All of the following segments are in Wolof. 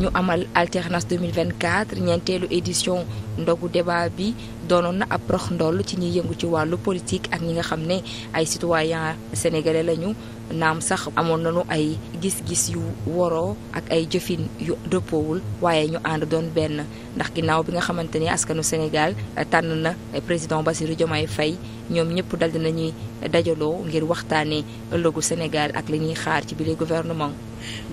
ñu amal alternance 2024 ñeenteelu édition ndogu débat bi doonoon na ab rox ndoll ci ñuy yëngu ci wàllu politique ak ñi nga xam ne ay citoyen sénégalais lañu naam sax amoon nañu ay gis-gis yu woroo ak ay jëfin yu dëppoowul waaye ñu ànd doon benn ndax ginnaaw bi nga xamante ni askanu Sénégal tànn na président Bassirou jamay Faye ñoom ñëpp dal dinañuy dajaloo ngir waxtaanee ëllëgu Sénégal ak li ñuy xaar ci bile gouvernement.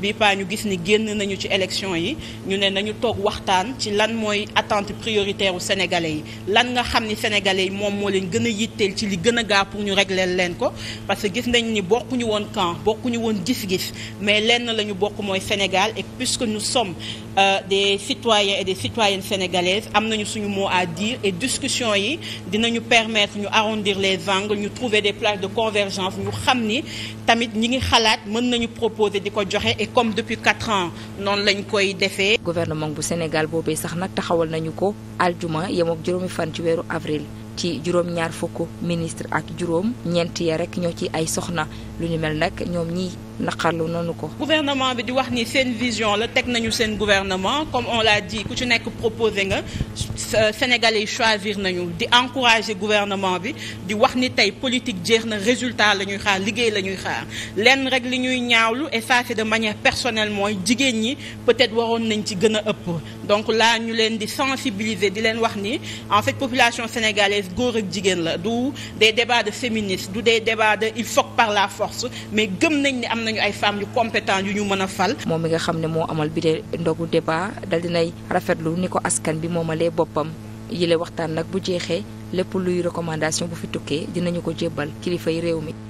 bii paa ñu gis ni génn nañu ci élection yi ñu ne nañu toog waxtaan ci lan mooy attente prioritaire u sénégalais yi lan nga xam ni sénégalais moom moo leen gën a yitteel ci li gën a gaaw pour ñu régler leen ko parce que gis nañ ni bokkuñu woon camp bokkuñu woon gis-gis mais lenn la ñu bokk mooy Sénégal et puisque nous sommes Euh, des citoyens et des citoyennes sénégalaises am nañu suñu mot a dire et discussion yi dinañu permettre ñu arrondir les angles ñu trouver des places de convergence ñu xam ni tamit ñi ngi xalaat mën nañu proposer di ko joxe et comme depuis quatre ans noonu lañu koy defee. gouvernement bu Sénégal boobee sax nag taxawal nañu ko aljuma yem ak juróomi fan ci weeru avril. ci juróom ñaar fukk ministre ak juróom ñeent ya rekk ñoo ci ay soxna lu ñu mel nag ñoom ñi naqarlu nanu ko. gouvernement bi di wax ni seen vision la teg nañu seen gouvernement comme on l'a dit ku ci nekk proposé nga Sénégalais yi choisir nañu di encourager gouvernement bi di wax ni tey politique jeex na résultat la ñuy xaar liggéey la ñuy xaar lenn rek li ñuy ñaawlu et de manière personnelle mooy jigéen ñi peut-être waroon nañ ci gën a ëpp donc là ñu leen di sensibiliser di leen wax ni en fait population sénégalaise góor ak jigéen la du des débats de du des débats de il la force nañu ay femmes yu compétent yu ñu mën a fal. moom mi nga xam ne moo amal bi de ndogu débat dal dinay rafetlu ni ko askan bi moomalee boppam yile waxtaan nag bu jeexee lépp luy recommandation bu fi tukkee dinañu ko jébbal kilifa réew mi.